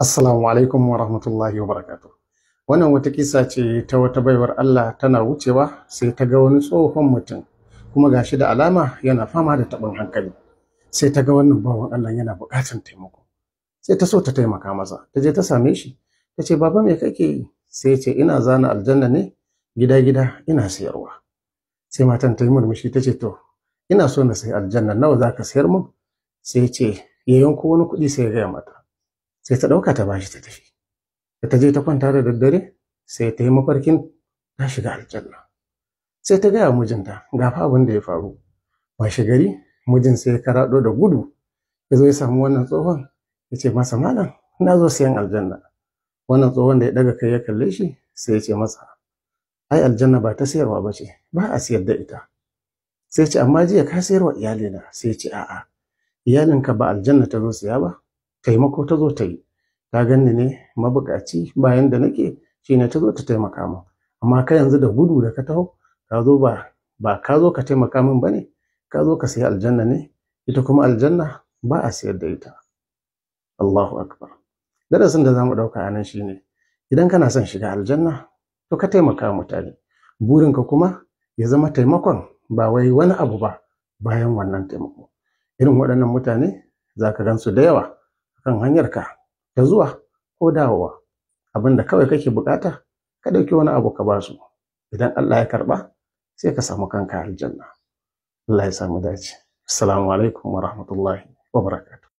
Assalamu alaikum wa rahmatullahi wa barakatu. Wannan wata kisa ce ta wata baiwar Allah tana wucewa sai ta ga wani tsohon mutum kuma gashi da alama yana fama da taɓin hankali. Sai ta ga wannan bawan Allah yana buƙatar taimako. Sai ta so ta taimaka masa, ta je ta same shi, ta ce baba me kake yi? Sai ce ina zana aljanna ne gida gida ina sayarwa. Sai matan ta yi murmushi ta ce to ina so na sayi aljanna nawa za ka sayar mun? Sai ce ya yanko wani kuɗi sai ya gaya mata. sai ta ɗauka ta bashi ta tafi da ta je ta kwanta da daddare sai ta yi mafarkin ta shiga aljanna sai ta gaya mijinta ga fa abin da ya faru washe gari mijin sai ya karaɗo da gudu ya zo ya samu wannan tsohon ya ce masa malam na zo sayan aljanna wannan tsohon da ya daga kai ya kalle shi sai ya ce masa ai aljanna ba ta sayarwa ba ce ba a siyar da ita sai ce amma jiya ka sayarwa iyalina sai ce a'a iyalinka ba aljanna ta zo siya ba taimako ta zo ta yi ta ganni ne mabukaci bayan da nake ne ta zo ta taimaka min amma ka yanzu da gudu da ka taho ka zo ba ba ka zo ka taimaka min ba ne ka zo ka sayi aljanna ne ita kuma aljanna ba a sayar da ita Allahu akbar darasin da zamu dauka anan ne, idan kana son shiga aljanna to ka taimaka mutane burinka kuma ya zama taimakon ba wai wani abu ba bayan wannan taimako irin waɗannan mutane za ka gan da yawa kan hanyarka ta zuwa ko dawowa abinda da kawai kake bukata ka ɗauki wani abu ka basu idan Allah ya karɓa sai ka samu kanka aljanna Allah ya samu dace assalamu alaikum wa rahmatullahi wa barakatuh